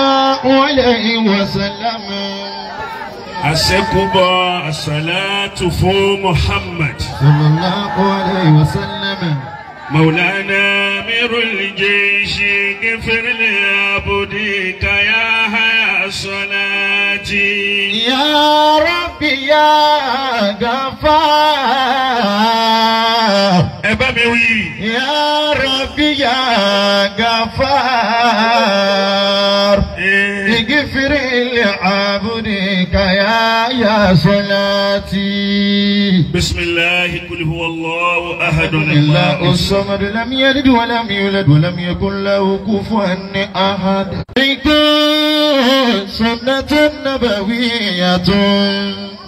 عليه وسلم أسكبا الصلاة فو محمد صلى الله عليه وسلم مولانا أمير الجيش غفر لعبدك يا حيا صلاتي يا ربي يا غفار ẹ bá mi wí. Ya Rabbi ya Gafar. Eh. Igifiri li abudika ya ya salati. Bisimilahi kuli huwa Allahu ahadun. Allahu samad lam yalid wa lam yulad wa lam yakun lahu kufuwan ahad. Ikú sunnatun nabawiyyatun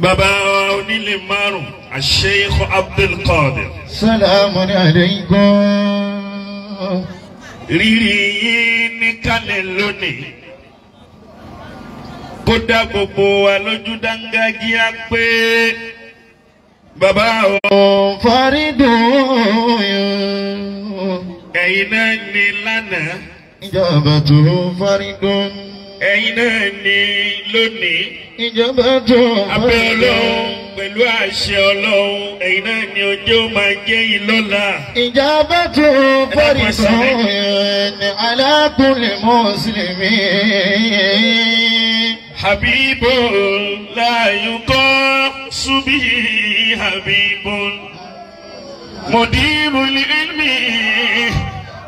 bàbá onílé márùn Sheikh Abdul Qadir. sàlámù alaykum. rírì yín níkàlẹ̀ lónìí kódà gbogbo wa lójú dángájíá pé bàbá o. faridu ẹ̀yin náà ní lánàá. ìjọba tó faridu. ẹ̀yin náà ní lónìí ìjọba tó ọ̀fẹ́. abẹ́ ọlọ́run pẹ̀lú àṣẹ ọlọ́run ẹ̀yin náà ni ọjọ́ máa jẹ́ yìí lọ́la. ìjọba tó fọ́ọ̀rì sàn ní alákùnrin mùsùlùmí. habibu láyùkọ́ subi habibu mọ̀dìmù ní ilmi.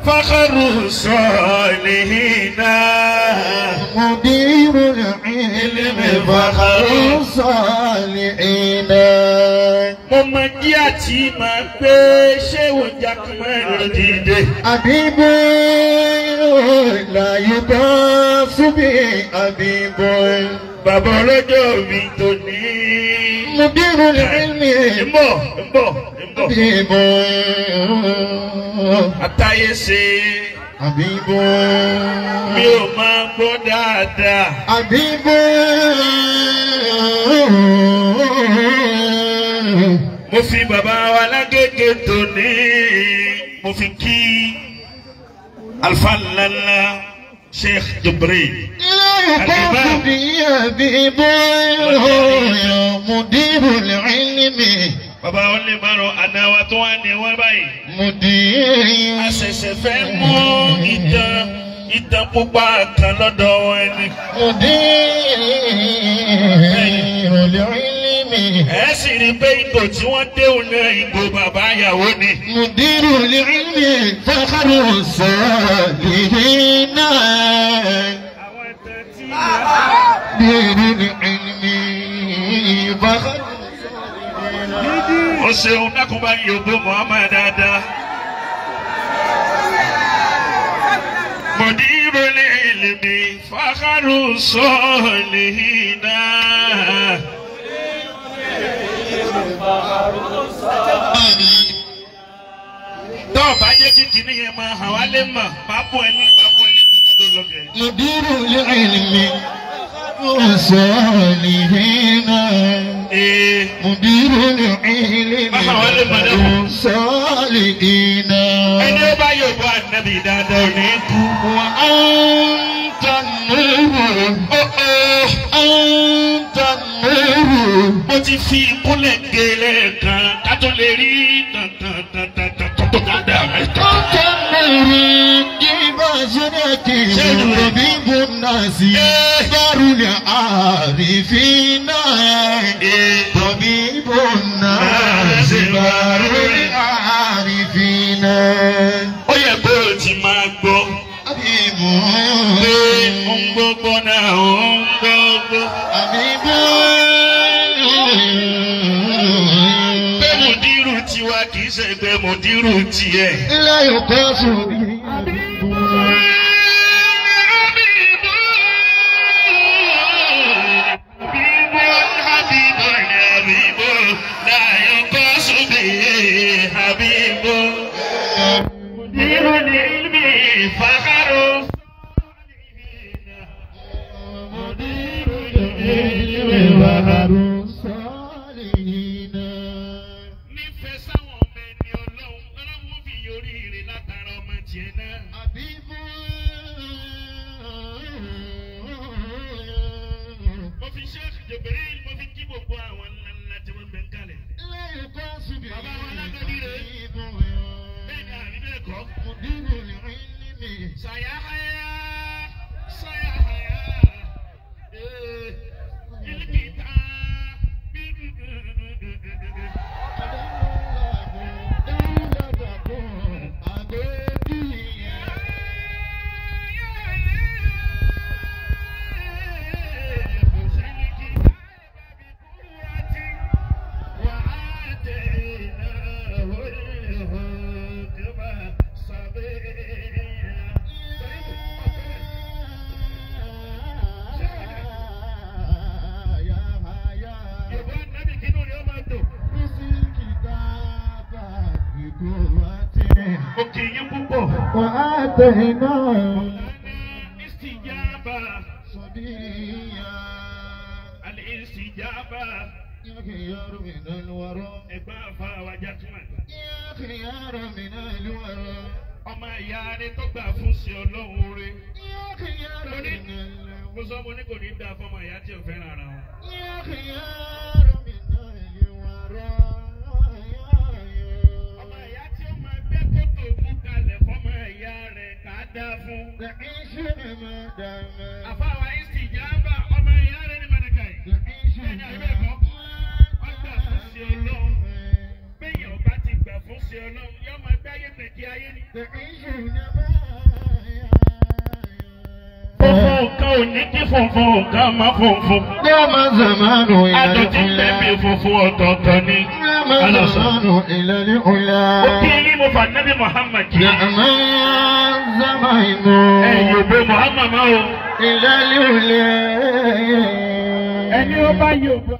فخر الصالحين مدير العلم فخر الصالحين mo mọ jí àti máa gbé ṣé o jà kí mo rìn dìde. àbíbó làyè bá súnmí àbíbó. bàbá ọlọ́jọ́ mi tó ní. mo bí irun lè rí mi. ń bọ̀ ń bọ̀. حبيب àtàyèsè. àbíbó. mi ò máa gbọ́ dáadáa. àbíbó. mo fi Baba wa lágége tòní mo fi kí alfa ńláńlá sheikh jibril. الباب يا بيبو يا مدير العلم bàbá wọn lè máa rọ àná wa tó wà ní wọn báyìí. mùdírì. a ṣẹ̀ṣẹ̀ fẹ́ mú ìtàn ìtàn pupa kan lọ́dọ̀ wọn ẹni. mùdírì olórí mi. ẹ sì rí pé ipò tí wọ́n dé òun náà ìgò bàbá ìyàwó ni. mùdírì olórí mi fẹ́kàrù sọ̀rọ̀ ìhìn náà. àwọn ẹ̀tẹ̀ tí. bíi ní ìlú mi ìbákan o ṣeun dákun bá yìn ògbó Muhammad dáadáa. mọ̀dírò lè lè mi fàkàrù sọ̀ọ́lì náà. tọ́ ọ̀bá jẹ́ kí kìíní yẹn máa hàn wálé mọ̀ bá bọ̀ ẹni bá bọ̀ ẹni tó lọ bẹ̀. mọ̀dírò lè والصالحين مدير العلم والصالحين ẹni ó bá yòòbó ànábì dáadáa ní kú. wà á ń ta nùrù. á ń ta ti fi ìkúnlẹ̀ gé lẹ́ẹ̀kan ká tó lè rí ìtàn. الناس دار العارفين طبيب الناس دار العارفين ó yẹ kó o ti máa gbọ́ pé ń gbogbo náà ó ń gbogbo. pé mùdírù tiwa kì í ṣe pé mùdírù tiẹ̀. láyò kọ́ sùn. Jibril mo fi kí gbogbo àwọn ńlá ńlá tí wọ́n gbé ń kalẹ̀. ilé ìkọ́ bàbá wọn lágbàdì rẹ̀ bẹ́ẹ̀ ni àbí bẹ́ẹ̀ kọ́. mo dúró ní ìlú mi. sàyà ayé. Mo kì í púpọ̀. Wà á tẹ̀ iná. Ìsìjàbà. Sọ̀bíyà. Àlè ìsìjàbà. يا خيار من الورى إبافا وجاتمان يا خيار من الورى ọmọ ìyá ni tó gbà fún sí ọlọ́run rẹ. lóní mo sọ mo ní kò ní dáa fọmọ ìyá tí ò fẹ́ràn ara wọn. Àfa àwa ìsì ìjàmbá ọmọ ìyá rẹ̀ ní Mẹ́ríkà yìí. Ẹ̀yin àbẹ̀ kọ́. Wọ́n gbà fún sí ọlọ́run. Bẹ́ẹ̀ni ọba ti gbà fún sí ọlọ́run. Yọ́mọ ẹgbẹ́ ayé pẹ̀lú ayé ni. ò ní kí funfun ká má funfun. Ní ọmọ zamanu ìlàlẹ́ ọ̀la. Àdọ̀tí bẹ̀bí funfun ọ̀tọ̀ọ̀tọ̀ ni. Ní ọmọ zamanu ìlàlẹ́ ọ̀la. Ó kí ilé mo fà Muhammad kì í. Yàmá Ẹ yòbó Muhammad máa o. Ìlàlẹ́ ọ̀la. Ẹni ó bá yòbó.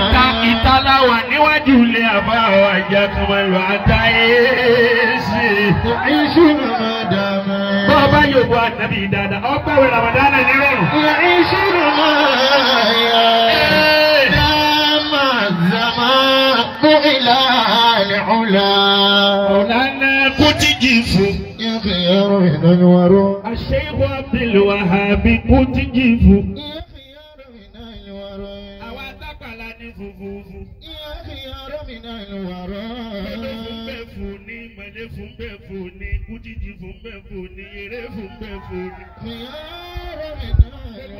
Ìta ìtaláwà níwájú ilé àbá àwọn àjàkùnmọ̀lù àtàyèsí. Ìṣú Ramadan. Bọ́ bá yóò bu àtàbí dáadáa, ọpẹ́ wo Ramadan ní rọrùn. Ìṣú Ramadan. Dáàmà zàmà kú ìlà àlẹ́ ọ̀la. Ọ̀lànà kú tíjì fún. Yẹ́n fi ẹ̀rọ ìnáwó arọ́. Àṣẹ ìwà bílù wàhábí tíjì fún. wàrà. Mẹ̀lẹ́ fún bẹ́ẹ̀ fún ni, mẹ̀lẹ́ fún bẹ́ẹ̀ fún ni, kújìjì fún bẹ́ẹ̀ fún ni, eré fún bẹ́ẹ̀ fún ni. Ìyá rẹ̀ mi náà.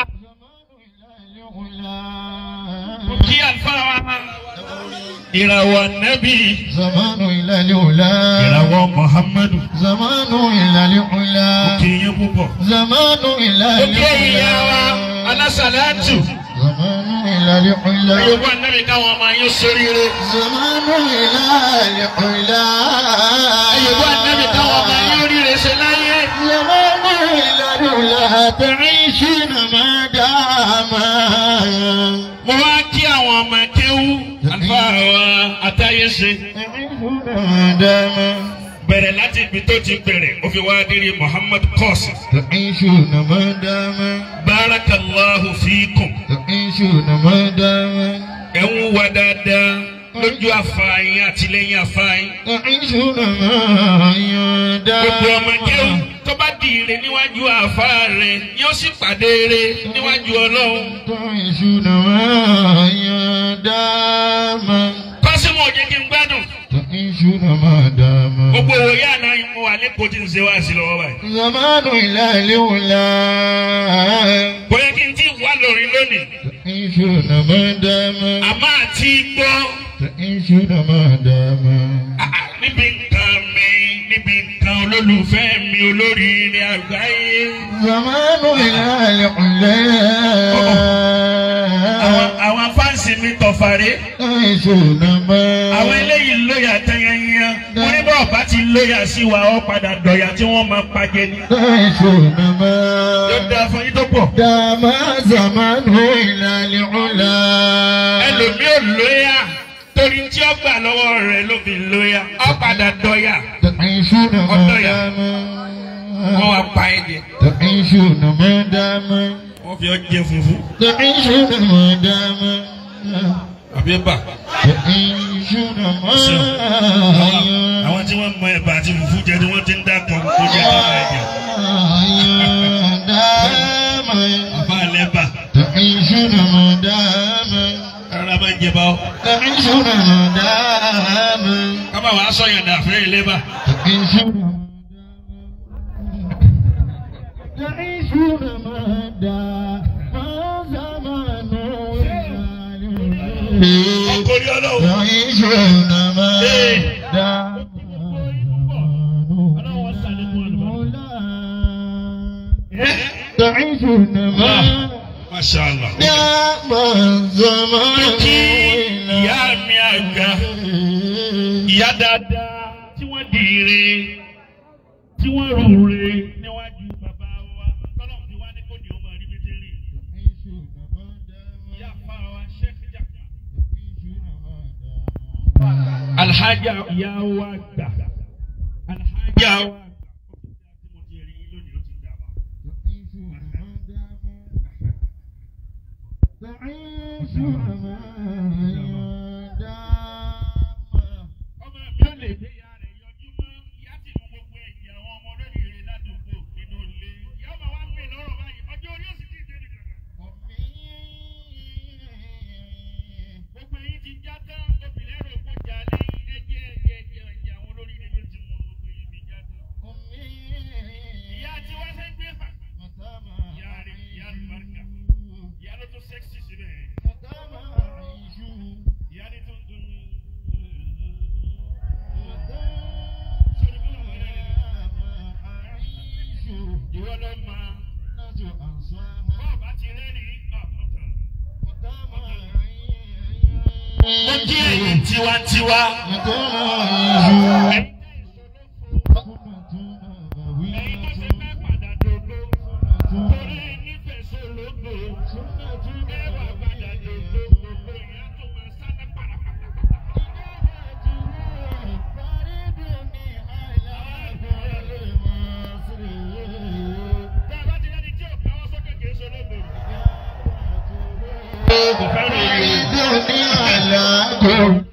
àfáà ìràwọ̀ nẹ́bí. zamanu ìlàlẹ́ òla. ìràwọ̀ muhammadu. zamanu ìlàlẹ́ òla. ó kì í yín púpọ̀. zamanu ìlàlẹ́ òla. ó kì í yíyá wa alásàlátù. zamanu ìlàlẹ́ òla. ayọ̀wọ̀ nẹ́bí káwọn ọmọ yín sóríire. zamanu ìlàlẹ́ òla. ayọ̀wọ̀ nẹ́bí káwọn ọmọ yín ríire ṣe láyé. zamanu ìlàlẹ́ òla. àtẹ̀rẹ́ ìṣúná máa dáa máa. táyé ṣe. bẹ̀rẹ̀ láti ibi tó ti bẹ̀rẹ̀ ó fi wá dérí Muhammad kọ́ọ̀sì. barakallahu fiikum. ẹ̀ ń wá dáadáa lójú àfààyàn àtìlẹ́yìn àfààyàn. gbogbo ọmọ jẹun tó bá di ire níwájú àfa rẹ̀ ni ó sì pàdé ire níwájú Ọlọ́run. tó ìṣúná máa yan kọ́símù òjì kí n gbádùn. Ìṣúná máa dá a mọ́. Gbogbo òwò yá náà mo wà lẹ́kọ̀ọ́ tí n ṣe wá sí lọ́wọ́ báyìí. Zamanu ìlà ìléwu la. Kò yẹ kí n ti wá lórí lónìí. Ìṣúná máa dá a mọ́. Àmọ́ àti gbọ́. Ìṣúná máa dá a mọ́. Níbi nǹkan mi, níbi nǹkan olólùfẹ́ mi olórí ilé àgbáyé. Zamanu ìlà ìléwu la. fàré. àwọn eléyìí lóyà tanyanyan wọ́n ní bá ọ̀bá ti lóyà sí wa ọ́ padà dọ̀yà tí wọ́n máa pàjẹ́ ni. yóò dáa fún yín tó pọ̀. dàmà zamanu ìlàlí ọ̀la. ẹlòmí ò lóyà torí tí ó gbà lọ́wọ́ rẹ̀ ló fi lóyà ọ́ padà dọ̀yà ọ̀dọ̀yà wọ́n wá pa ẹ̀ jẹ. wọ́n fi ọ jẹ funfun àbí ẹ̀bà. àwọn tí wọ́n mọ ẹ̀bà àti fùfú jẹ ni wọ́n ti ń dàpọ̀ kó jẹ tó máa jẹ. àbá lẹ́bà. rárá máa ń jẹ bá ọ. kábà wàá sọ yàrá fẹ́ ilé bá. تعيشون معنا mi. Ọkọ̀rí ọlọ́run. Lọ́yìn ìjọ nàmá dá. Lọ́yìn ìjọ nàmá. Masha Allah. Dá mọ̀ zọ́mọ́. alhaja ìyá wa gbà alhaja wa. تعيش أمان tiwantiwa. Thank you.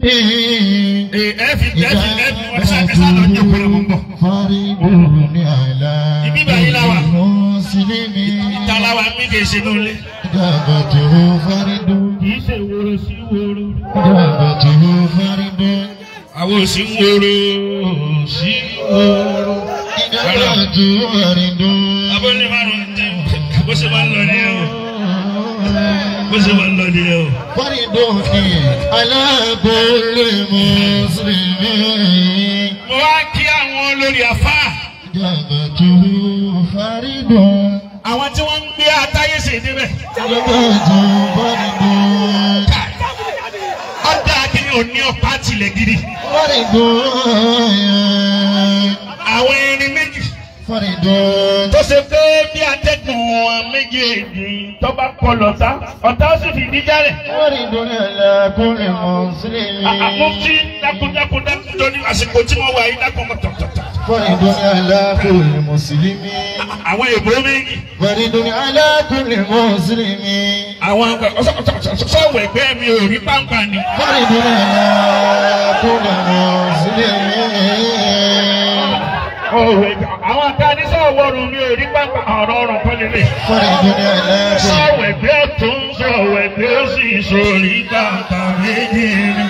Ìtàláwa mi kè ṣe lórí. Ìjàmbá tí ó fárí dùn. Kì í ṣe woro sí woro. Ìjàmbá tí ó fárí dùn. Àwọn ò sí woro sí woro. Ìjàmbá tí ó Ala aláàbòlè mùsùlùmí. mo wá kí àwọn olórí afá. ìjọba tó fárídòn. àwọn tí wọ́n ń gbé atáyé ṣe débẹ̀. ìjọba tó fárídòn. ọ̀dà akínyìn ò ní ọ̀pá tilẹ̀ gidi. fárídòn. àwọn ẹni tó ṣe pé bí atẹ́gùn wọn méjèèjì tó bá kọ lọ́tà ọ̀tá ó sì fìdí jálẹ̀. àmúfí dákúndákún dákúndó ní àsìkò tí wọ́n wà yìí dákúndó tọ̀tọ̀tọ̀. Fọ́nìdúnrún aláàkùnrin mùsùlùmí. Àwọn èbó méjì. Fọ́nìdúnrún aláàkùnrin mùsùlùmí. Àwọn sọ̀wọ̀ ẹgbẹ́ mi ò rí pàǹpà ni. Fọ́nìdúnrún aláàkùnrin mùsùlùmí àwọn àtàní sọ̀wọ́ ọ̀run mi ò rí pápá ọ̀rọ̀ ọ̀run kọ́ni lè. sọ̀wọ́ ẹgbẹ́ tó ń sọ̀wọ́ ẹgbẹ́ ó sì sọ̀rí bàtà méjì ni.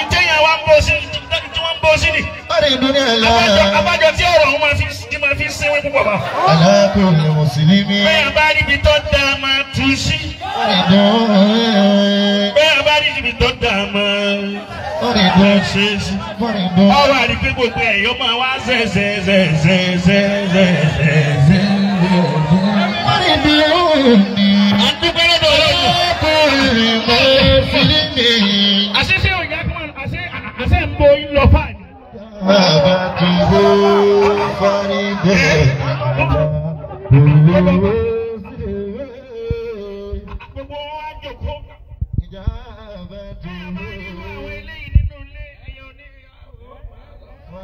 ìjẹyàn wa ń bọ́ sí tí wọ́n ń bọ́ sí ni. abájọ tí ọ̀rọ̀ ọ̀hún máa fi sinmi púpọ̀ bá. aláàbò ni mùsùlùmí. bẹ́ẹ̀ bá rí ibi tó dáa máa sí sí. bẹ́ẹ̀ bá rí ibi tó dà mọ́ sí sí. ọwọ́ àdìpé gbogbo ẹ̀yọ́ máa wá zẹ̀zẹ̀zẹ̀zẹ̀zẹ̀zẹ̀zẹ̀. àdúgbò lọ́dọ̀ ọlọ́run. àṣìṣe òyìnbó àṣẹ àṣẹ ń bo ń lọ fáàlì. bàbá kìí bó fárí bẹ́ẹ̀ bá olówó.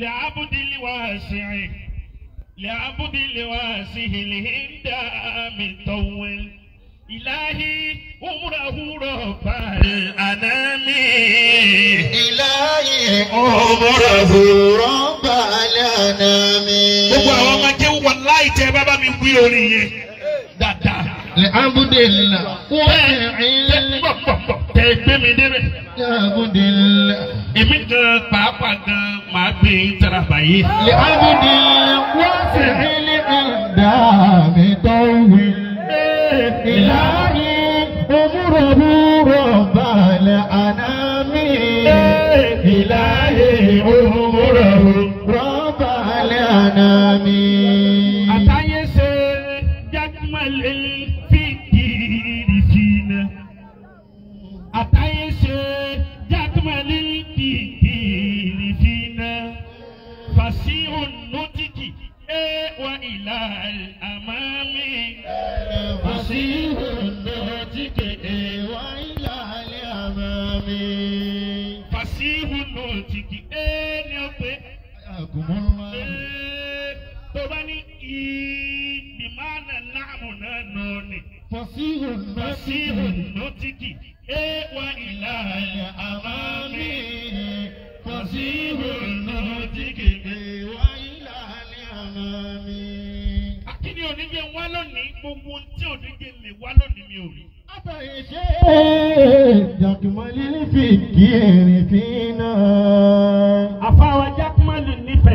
لعبد الواسع لعبد الواسع الهند مطول إلهي عمره رب الأنام إلهي عمره رب الأنام gbogbo àwọn ọmọ jẹ́ wàláì tẹ́ bàbá mi wí orin yẹn dáadáa. lè abúdé ńlá. bẹ́ẹ̀ tẹ́ gbọ́ gbọ́ gbọ́ tẹ́ gbé mi débẹ̀. lè abúdé ńlá èmi gan pàápàá gan màá gbé yín taraba yìí. lè ábìdì wá sí ilé ẹ̀dá mi tó wí. ìlànà òmùrọ̀mù rọ̀ balẹ̀ àná mi. ìlànà òmùrọ̀mù.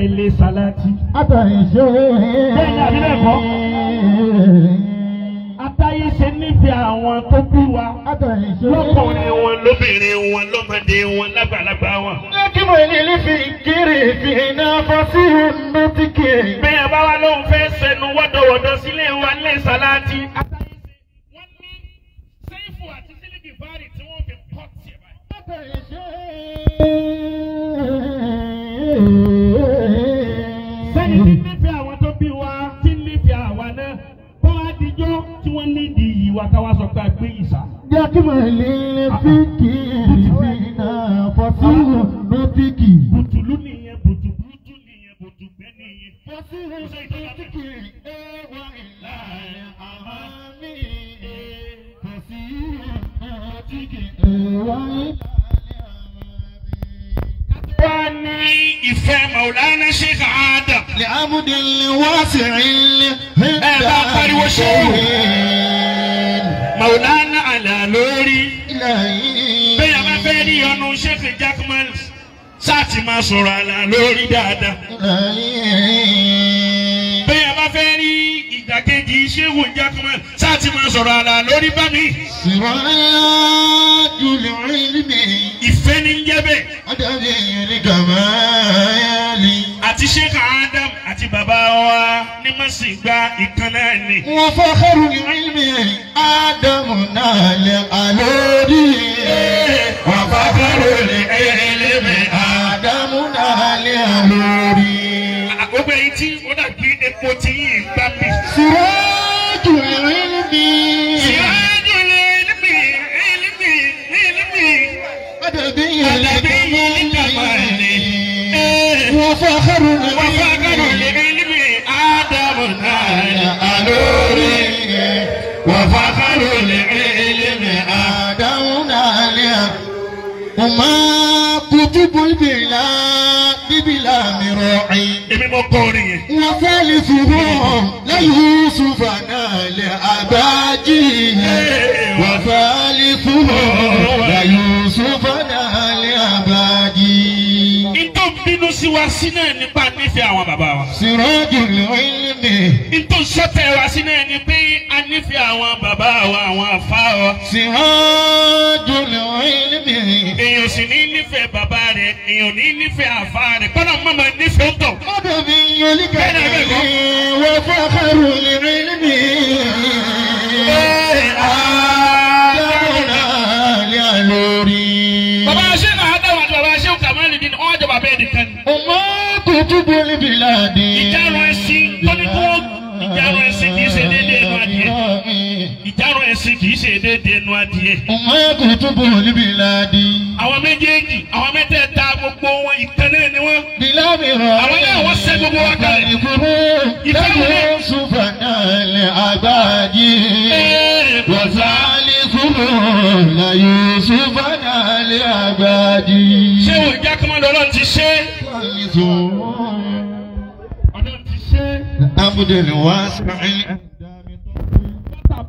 ilé salati. Àtàyè ṣe é. Bẹ́ẹ̀ni àbílẹ̀ kọ́. Àtàyè ṣe nífẹ̀ẹ́ àwọn tó bí wa. Àtàyè ṣe é. Lọ́kùnrin wọn, lóbìnrin wọn, lọ́mọdé wọn, lágbàlagbà wọn. Lẹ́kìmù ìlú fi kiri fi iná fọ́ sí iná tí kì í. Bẹ́ẹ̀ bá wa lóun fẹ́ sẹnu wọ́dọ̀wọ́dọ̀ sílé wa ilé salati. Thank you. wa táwa sọ pé a gbé ìsà. jákèmọ̀ lè lè ah, ah. fi kì í fi náà fọ́tí ló fi kì í. bùtùlù nìyẹn bùtù bùtù nìyẹn bùtù bẹ́ẹ̀ nìyẹn. fọ́tí ló fi kì í ẹ wá ìlà àmọ́ mi fọ́tí ló fi kì í ẹ wá ìlà wá ní ìfẹ́ Maulana Sheikh Adam. Lè amúdínlẹ̀ wá sí ìrìnlẹ̀. Ẹ bá pariwo ṣéwù. Maulana Alalori. bẹ́ẹ̀ bá fẹ́ rí ọnu Sheikh Jakmal sáàtì máa sọ̀rọ̀ Alalori dáadáa. bẹ́ẹ̀ bá fẹ́ rí ìdàkejì Sheikh Jakmal sáàtì máa sọ̀rọ̀ Alalori bá mi. siraju lilmi. ìfẹ́ ni ń jẹ́ bẹ́ẹ̀. ọ̀dọ́ mi yẹn ni kàmáyà ni. àti Sheikh Adam àti bàbá wa ní má sì gba ìkan náà ni. wọ́n fọ́ kẹ́rù ilmi ádámù náà lè àlórí. wọ́n fọ́ kẹ́rù ilmi ádámù náà lè àlórí. gbogbo èyí tí ó dàbí epo ti yìí gbá mi. síwájú ilmi. síwájú ilmi ilmi ilmi. ọ̀dọ̀ bí yẹn lè kọ́ mọ́ ní. wọ́n fọ́ kẹ́rù ilmi. máa kutu bíbélà bíbélà mi rọ̀ọ̀ì. èmi mọ kọ́ orin yẹn. wọ́n fẹ́ lè fúnbọ̀ lẹ́yìn ṣùfà náà lẹ́ àbájí. wọ́n fẹ́ lè fúnbọ̀ lẹ́yìn ṣùfà náà. sí wa sí náà nípa nífẹ̀ẹ́ àwọn bàbá wa. sìrọ́jù lóyún ni. ntò sọ́tẹ̀ wa sí náà ni pé a nífẹ̀ẹ́ àwọn bàbá wa àwọn àfa wa. sìrọ́jù lóyún ni. èèyàn sì ní nífẹ̀ẹ́ bàbá rẹ̀ èèyàn ní nífẹ̀ẹ́ àfa rẹ̀ kọ́nà mọ́mọ́ nífẹ̀ẹ́ tọ̀. ọ̀dọ̀ mi yẹn ní kẹ́kẹ́ ni wọ́n fọ́ akẹ́rù lóyún ni. ẹ ẹ àdàrà lórí. bàbá ṣe sí kì í ṣe déédé ẹnu adìẹ. ọ̀hún kò tó bò ó níbi ìlàdí. àwọn méjèèjì àwọn mẹ́tẹ̀ẹ̀ta gbogbo wọn ìtẹ́ náà ni wọ́n. bíláàmì rọ àwọn náà wọ́n sẹ́ gbogbo wọn kalẹ̀. ìkúrú lẹ́yìn ṣùfà náà lè àgbáàjì. wọ́sálí kúrò láyé ṣùfà náà lè ṣé òun ìjà kan lọ́lọ́ ti ṣe. ọlọ́run ti ṣe. abudulayi wa sàrẹ́.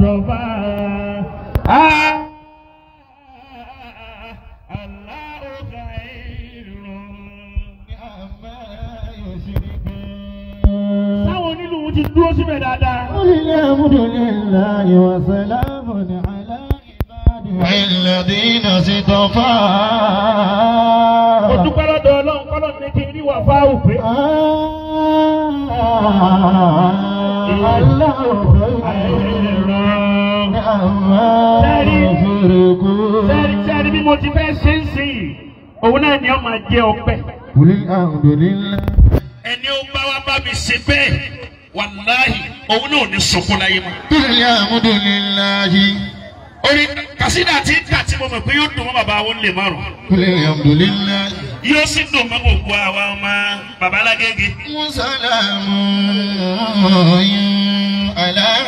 Robot. tó ti fẹ́ ṣe ń sìn yìí òun náà ni ó máa jẹ ọpẹ́. ẹni ó bá wá bá mi ṣe bẹ́ẹ̀ wàláhì òun náà ò ní sọkún láyé mọ́. bílẹ̀ àmúdò orí kàsídà tí ń kà tí mo mọ̀ pé yóò dùn mọ́ bàbá wọn lè márùn. bílẹ̀ àmúdò níláyé. yóò sì dùn mọ́ gbogbo àwa ọmọ bàbá alágége.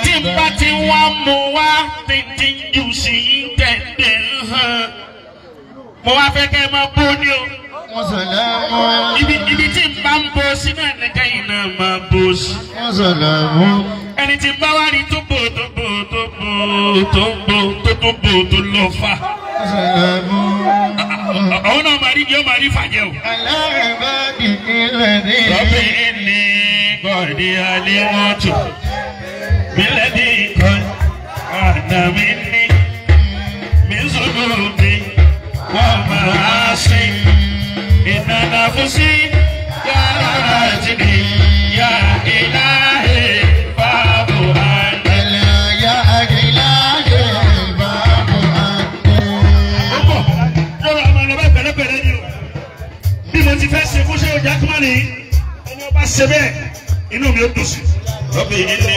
tí n bá ti wá mu wá tí n ti jù sí tẹ̀lé hàn mo wá fẹ́ kẹ́ ẹ máa bó ní o. mùsùlùmù. ibi ibi tí n bá ń bo sí náà ní kẹ́yìn náà máa bo sí. mùsùlùmù. ẹni tí bá wá rí tó bò tó bò tó bò tó bò tó tó bò tó lọ fà. mùsùlùmù. àwọn náà máa rí bí ó máa rí fàjẹ́ o. aláàrẹ̀ bá dìde lẹ́dí. rọ́bì ní gọ̀dí alẹ́ wọn tù. bílẹ̀ bí kan àná ní. mi sọ̀rọ̀. mi ó dùn sí lọ́bì yìí